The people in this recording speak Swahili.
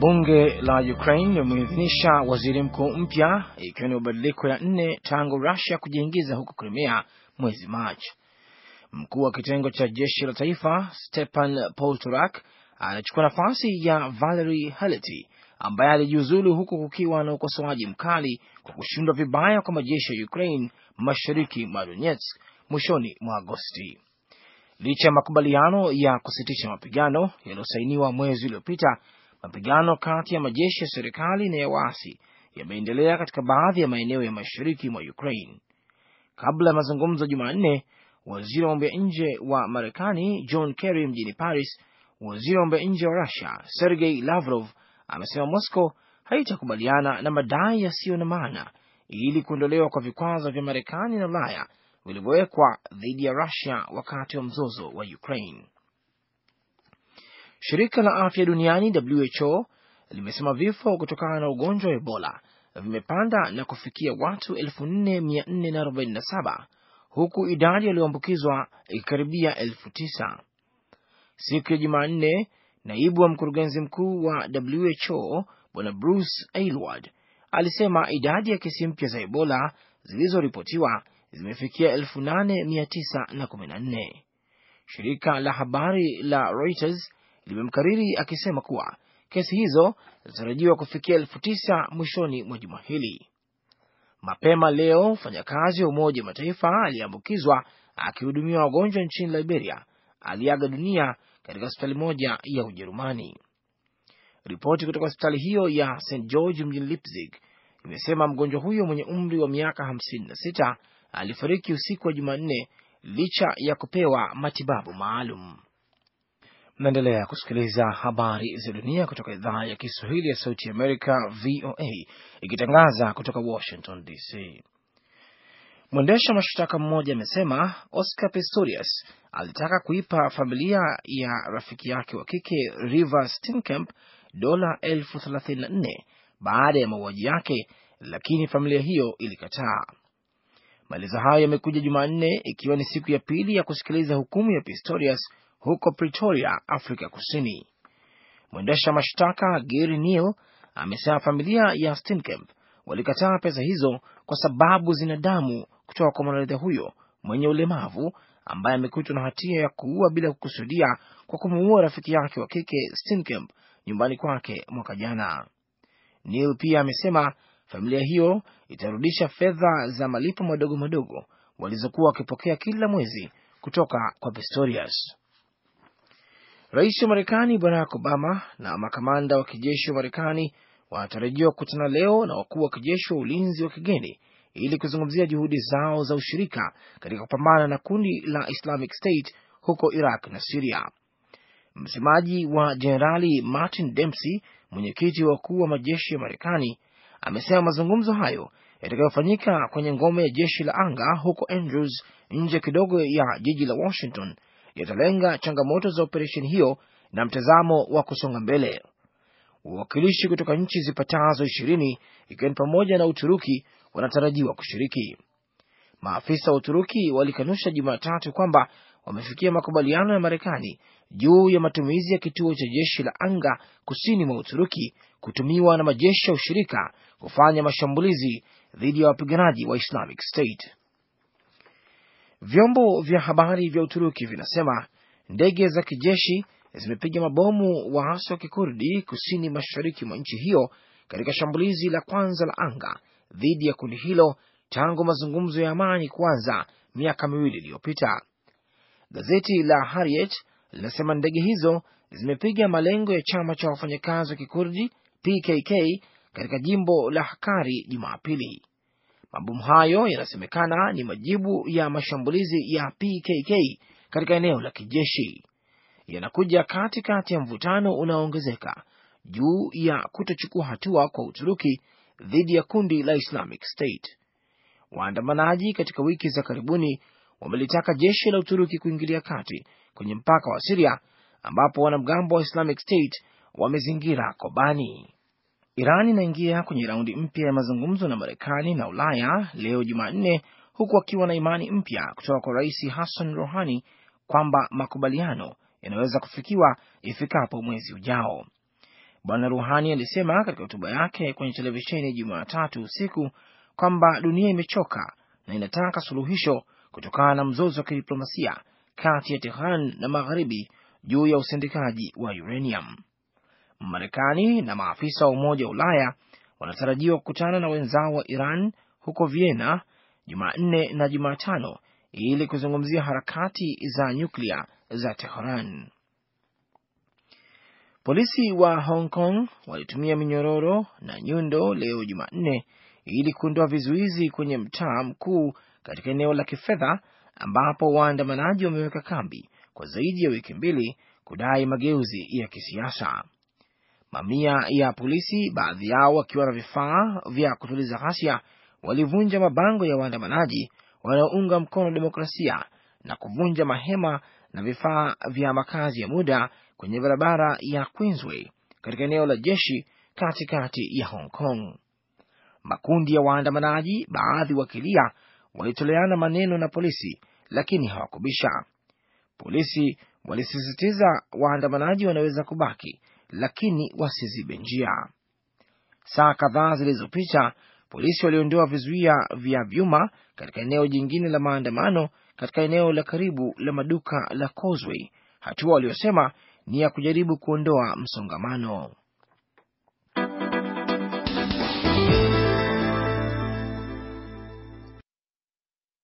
Bunge la Ukraine limemuidhinisha waziri mkuu mpya ikiwa ni mabadiliko ya nne tangu Rusia kujiingiza huko Crimea mwezi Machi. Mkuu wa kitengo cha jeshi la taifa Stepan Poltorak anachukua nafasi ya Valery Haleti ambaye alijiuzulu huku kukiwa na ukosoaji mkali kwa kushindwa vibaya kwa majeshi ya Ukraine mashariki mwa Donetsk mwishoni mwa Agosti. Licha ya makubaliano ya kusitisha mapigano yaliyosainiwa mwezi uliopita Mapigano kati ya majeshi ya serikali na ya waasi yameendelea katika baadhi ya maeneo ya mashariki mwa Ukraine. Kabla ya mazungumzo Jumanne, waziri wa mambo ya nje wa Marekani John Kerry mjini Paris, waziri wa mambo ya nje wa Rusia Sergei Lavrov amesema Moscow haitakubaliana na madai yasiyo na maana ili kuondolewa kwa vikwazo vya Marekani na Ulaya vilivyowekwa dhidi ya Rusia wakati wa mzozo wa Ukraine. Shirika la afya duniani WHO limesema vifo kutokana na ugonjwa wa Ebola vimepanda na kufikia watu 4447 huku idadi yaliyoambukizwa ikikaribia 9 Siku ya Jumanne, naibu wa mkurugenzi mkuu wa WHO bwana Bruce Aylward alisema idadi ya kesi mpya za Ebola zilizoripotiwa zimefikia 8914. Shirika la habari la Reuters limemkariri akisema kuwa kesi hizo zinatarajiwa kufikia elfu tisa mwishoni mwa juma hili. Mapema leo mfanyakazi wa Umoja wa Mataifa aliyeambukizwa akihudumia wagonjwa nchini Liberia aliaga dunia katika hospitali moja ya Ujerumani. Ripoti kutoka hospitali hiyo ya St George mjini Leipzig imesema mgonjwa huyo mwenye umri wa miaka 56 alifariki usiku wa Jumanne licha ya kupewa matibabu maalum. Naendelea kusikiliza habari za dunia kutoka idhaa ya Kiswahili ya sauti ya Amerika, VOA, ikitangaza kutoka Washington DC. Mwendesha mashtaka mmoja amesema Oscar Pistorius alitaka kuipa familia ya rafiki yake wa kike River Steenkamp dola elfu thelathini na nne baada ya mauaji yake, lakini familia hiyo ilikataa. Maelezo hayo yamekuja Jumanne, ikiwa ni siku ya pili ya kusikiliza hukumu ya Pistorius huko Pretoria, Afrika Kusini. Mwendesha mashtaka Gary Neil amesema familia ya Steenkamp walikataa pesa hizo kwa sababu zina damu kutoka kwa mwanariadha huyo mwenye ulemavu ambaye amekutwa na hatia ya kuua bila kukusudia kwa kumuua rafiki yake wa kike Steenkamp nyumbani kwake mwaka jana. Neil pia amesema familia hiyo itarudisha fedha za malipo madogo madogo walizokuwa wakipokea kila mwezi kutoka kwa Pistorius. Rais wa Marekani Barack Obama na makamanda wa kijeshi wa Marekani wanatarajiwa kukutana leo na wakuu wa kijeshi wa ulinzi wa kigeni ili kuzungumzia juhudi zao za ushirika katika kupambana na kundi la Islamic State huko Iraq na Siria. Msemaji wa Jenerali Martin Dempsey, mwenyekiti wa wakuu wa majeshi ya Marekani, amesema mazungumzo hayo yatakayofanyika kwenye ngome ya jeshi la anga huko Andrews, nje kidogo ya jiji la Washington, yatalenga changamoto za operesheni hiyo na mtazamo wa kusonga mbele. Wawakilishi kutoka nchi zipatazo ishirini ikiwa ni pamoja na Uturuki wanatarajiwa kushiriki. Maafisa wa Uturuki walikanusha Jumatatu kwamba wamefikia makubaliano ya Marekani juu ya matumizi ya kituo cha jeshi la anga kusini mwa Uturuki kutumiwa na majeshi ya ushirika kufanya mashambulizi dhidi ya wapiganaji wa Islamic State. Vyombo vya habari vya Uturuki vinasema ndege za kijeshi zimepiga mabomu waasi wa kikurdi kusini mashariki mwa nchi hiyo katika shambulizi la kwanza la anga dhidi ya kundi hilo tangu mazungumzo ya amani kuanza miaka miwili iliyopita. Gazeti la Hariet linasema ndege hizo zimepiga malengo ya chama cha wafanyakazi wa kikurdi PKK katika jimbo la Hakari Jumapili. Mabomu hayo yanasemekana ni majibu ya mashambulizi ya PKK katika eneo la kijeshi. Yanakuja kati kati ya mvutano unaoongezeka juu ya kutochukua hatua kwa Uturuki dhidi ya kundi la Islamic State. Waandamanaji katika wiki za karibuni wamelitaka jeshi la Uturuki kuingilia kati kwenye mpaka wa Siria ambapo wanamgambo wa Islamic State wamezingira Kobani. Iran inaingia kwenye raundi mpya ya mazungumzo na Marekani na Ulaya leo Jumanne, huku akiwa na imani mpya kutoka kwa Rais Hassan Rouhani kwamba makubaliano yanaweza kufikiwa ifikapo mwezi ujao. Bwana Rouhani alisema katika hotuba yake kwenye televisheni Jumatatu usiku kwamba dunia imechoka na inataka suluhisho kutokana na mzozo wa kidiplomasia kati ya Tehran na Magharibi juu ya usindikaji wa uranium. Marekani na maafisa wa Umoja wa Ulaya wanatarajiwa kukutana na wenzao wa Iran huko Vienna Jumanne na Jumatano ili kuzungumzia harakati za nyuklia za Teheran. Polisi wa Hong Kong walitumia minyororo na nyundo leo Jumanne ili kuondoa vizuizi kwenye mtaa mkuu katika eneo la kifedha ambapo waandamanaji wameweka kambi kwa zaidi ya wiki mbili kudai mageuzi ya kisiasa. Mamia ya polisi, baadhi yao wakiwa na vifaa vya kutuliza ghasia, walivunja mabango ya waandamanaji wanaounga mkono demokrasia na kuvunja mahema na vifaa vya makazi ya muda kwenye barabara ya Queensway katika eneo la jeshi katikati ya Hong Kong. Makundi ya waandamanaji, baadhi wakilia, walitoleana maneno na polisi, lakini hawakubisha. Polisi walisisitiza waandamanaji wanaweza kubaki lakini wasizibe njia. Saa kadhaa zilizopita polisi waliondoa vizuia vya vyuma katika eneo jingine la maandamano katika eneo la karibu la maduka la Causeway, hatua waliosema ni ya kujaribu kuondoa msongamano.